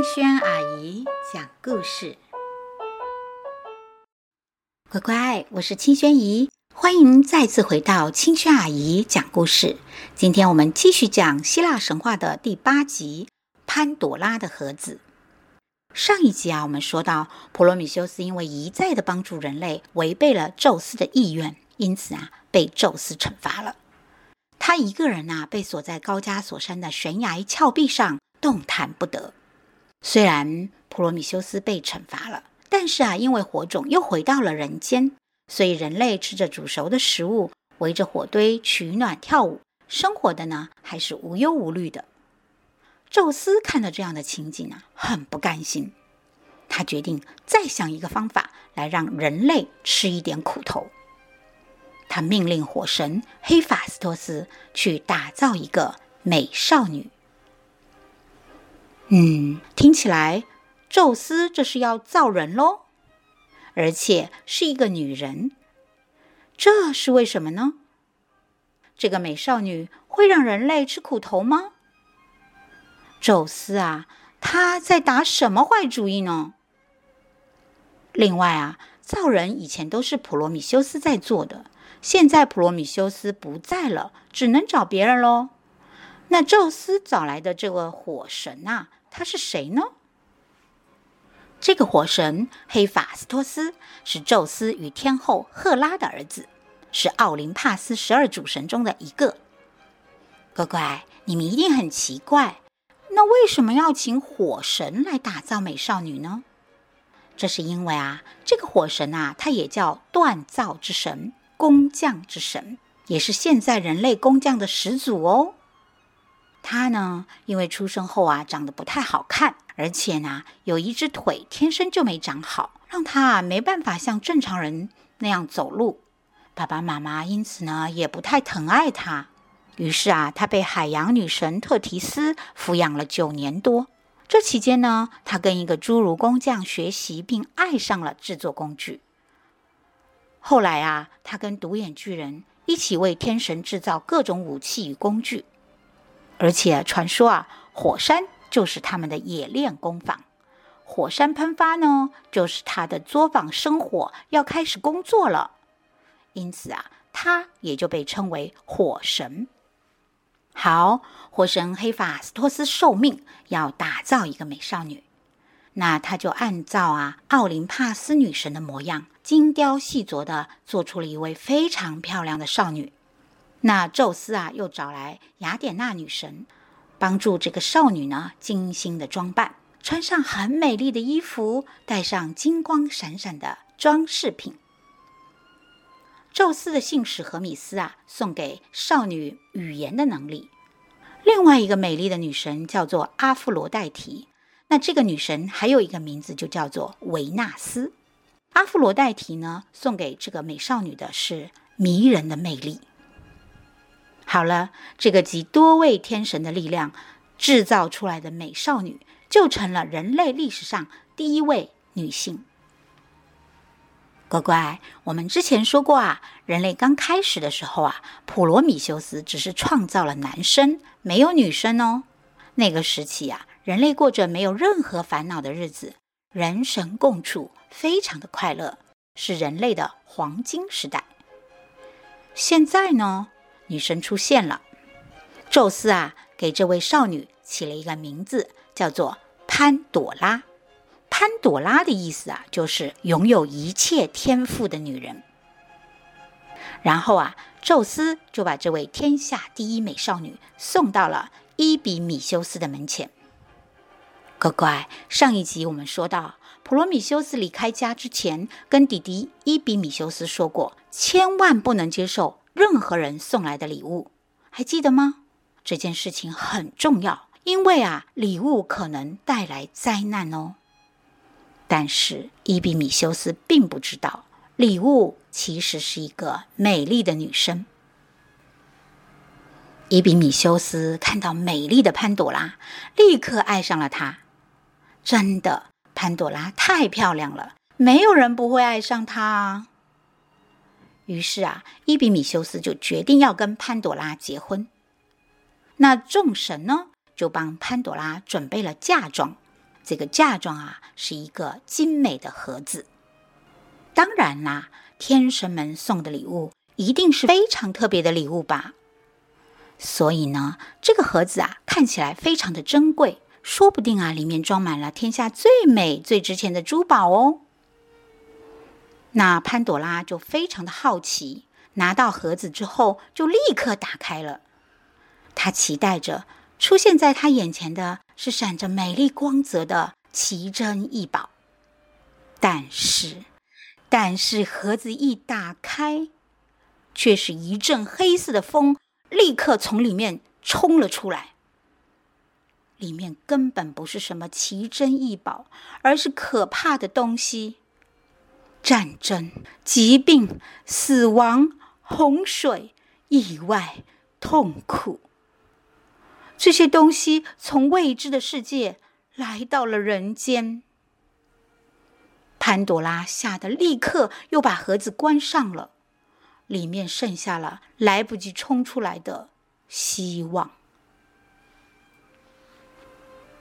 青萱阿姨講故事，乖乖，我是青萱怡，姨，歡迎再次回到青萱阿姨講故事。今天我們繼續講希臘神話的第八集《潘朵拉的盒子》。上一集啊，我們說到普羅米修斯因為一再的幫助人類，違背了宙斯的意願，因此啊，被宙斯懲罰了。他一個人吶、啊，被鎖在高加索山的懸崖峭壁上，動彈不得。雖然普羅米修斯被懲罰了，但是啊，因為火種又回到了人間，所以人類吃着煮熟的食物，圍着火堆取暖、跳舞，生活的呢還是無憂無慮的。宙斯看到這樣的情景啊，很不甘心，他決定再想一個方法來讓人類吃一點苦頭。他命令火神黑法斯托斯去打造一個美少女。嗯，聽起來，宙斯這是要造人嘍，而且是一個女人，這是為什麼呢？這個美少女會讓人類吃苦頭嗎？宙斯啊，他在打什麼壞主意呢？另外啊，造人以前都是普羅米修斯在做的，現在普羅米修斯不在了，只能找別人嘍。那宙斯找來的這個火神啊，他是誰呢？這個火神黑法斯托斯是宙斯與天後赫拉的兒子，是奧林帕斯十二主神中的一個。乖乖，你們一定很奇怪，那為什麼要請火神來打造美少女呢？這是因為啊，這個火神啊，他也叫鍛造之神、工匠之神，也是現在人類工匠的始祖哦。他呢，因為出生後啊長得不太好看，而且呢有一只腿天生就沒長好，讓他啊沒辦法像正常人那樣走路。爸爸媽媽因此呢也不太疼愛他，於是啊他被海洋女神特提斯撫養了九年多。這期間呢，他跟一個侏儒工匠學習，並愛上了製作工具。後來啊，他跟獨眼巨人一起為天神製造各種武器與工具。而且傳說啊，火山就是他們的冶煉工坊，火山噴發呢，就是他的作坊生火要開始工作了，因此啊，他也就被稱為火神。好，火神黑髮斯托斯受命要打造一個美少女，那他就按照啊奧林帕斯女神的模樣，精雕細細琢地做出了一位非常漂亮的少女。那宙斯啊，又找來雅典娜女神，幫助這個少女呢，精心的裝扮，穿上很美麗的衣服，戴上金光閃閃的裝飾品。宙斯的信使荷米斯啊，送給少女語言的能力。另外一個美麗的女神叫做阿芙羅黛提，那這個女神還有一個名字就叫做維納斯。阿芙羅黛提呢，送給這個美少女的是迷人的魅力。好了，這個集多位天神的力量製造出來的美少女，就成了人類歷史上第一位女性。乖乖，我們之前說過啊，人類剛開始的時候啊，普羅米修斯只是創造了男生，沒有女生哦。那個時期呀、啊，人類過着沒有任何煩惱的日子，人神共處，非常的快樂，是人類的黃金時代。現在呢？女神出現了，宙斯啊，給這位少女起了一個名字，叫做潘朵拉。潘朵拉的意思啊，就是擁有一切天賦的女人。然後啊，宙斯就把這位天下第一美少女送到了伊比米修斯的門前。乖乖，上一集我們說到，普羅米修斯離開家之前，跟弟弟伊比米修斯說過，千萬不能接受。任何人送來的禮物，還記得嗎？這件事情很重要，因為啊，禮物可能帶來災難哦。但是伊比米修斯並不知道，禮物其實是一個美麗的女生。伊比米修斯看到美麗的潘朵拉，立刻愛上了她。真的，潘朵拉太漂亮了，沒有人不會愛上她啊。於是啊，伊比米修斯就決定要跟潘朵拉結婚。那眾神呢，就幫潘朵拉準備了嫁妝。這個嫁妝啊，是一個精美的盒子。當然啦，天神們送的禮物一定是非常特別的禮物吧。所以呢，這個盒子啊，看起來非常的珍貴，說不定啊，裡面裝滿了天下最美最值錢的珠寶哦。那潘朵拉就非常的好奇，拿到盒子之後就立刻打開了。她期待着出現在她眼前的是閃着美麗光澤的奇珍異寶，但是，但是盒子一打開，卻是一陣黑色的風立刻從裡面衝了出來。裡面根本不是什麼奇珍異寶，而是可怕的東西。戰爭、疾病、死亡、洪水、意外、痛苦，這些東西從未知的世界來到了人間。潘朵拉嚇得立刻又把盒子關上了，裡面剩下了來不及衝出來的希望。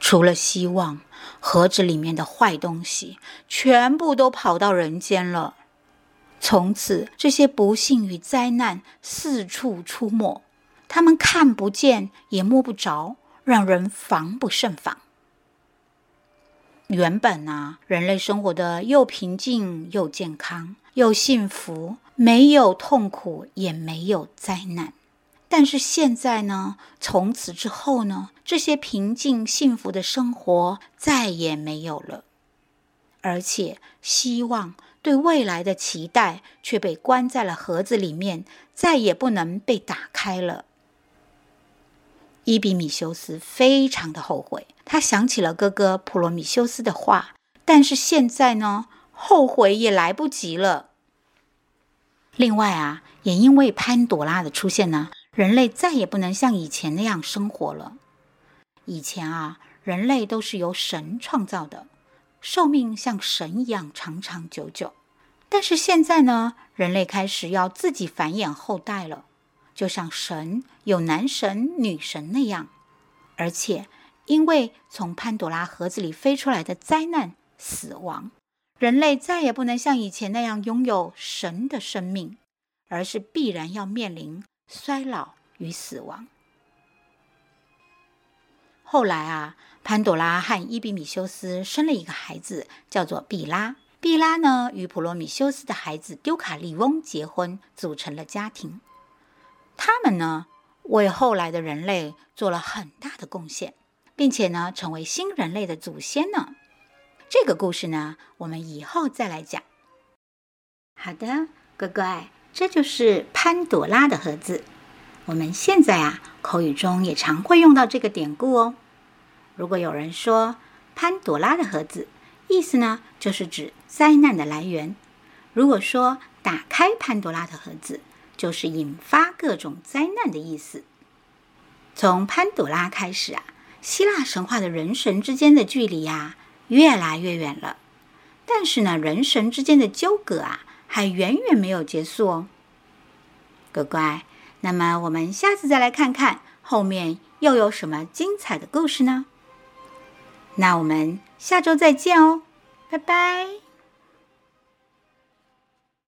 除了希望，盒子裡面的壞東西全部都跑到人間了。從此，這些不幸與災難四處出沒，他們看不見也摸不着，讓人防不勝防。原本啊，人類生活的又平靜又健康又幸福，沒有痛苦也沒有災難。但是現在呢，從此之後呢，這些平靜幸福的生活再也沒有了，而且希望對未來的期待卻被關在了盒子裡面，再也不能被打開了。伊比米修斯非常的後悔，他想起了哥哥普羅米修斯的話，但是現在呢，後悔也來不及了。另外啊，也因為潘朵拉的出現呢，人類再也不能像以前那樣生活了。以前啊，人類都是由神創造的，壽命像神一樣長長久久。但是現在呢，人類開始要自己繁衍後代了，就像神有男神女神那樣。而且，因為從潘朵拉盒子裡飛出來的災難、死亡，人類再也不能像以前那樣擁有神的生命，而是必然要面臨。衰老與死亡。後來啊，潘朵拉和伊比米修斯生了一個孩子，叫做畢拉。畢拉呢，與普羅米修斯的孩子丟卡利翁結婚，組成了家庭。他們呢，為後來的人類做了很大的貢獻，並且呢，成為新人類的祖先呢。這個故事呢，我們以後再來講。好的，乖乖。這就是潘朵拉的盒子，我們現在啊，口語中也常會用到這個典故哦。如果有人說“潘朵拉的盒子”，意思呢就是指災難的來源；如果說“打開潘朵拉的盒子”，就是引發各種災難的意思。從潘朵拉開始啊，希臘神話的人神之間的距離呀、啊、越來越遠了，但是呢，人神之間的糾葛啊，還遠遠沒有結束哦，乖乖。那麼我們下次再來看看後面又有什麼精彩的故事呢？那我們下周再見哦，拜拜。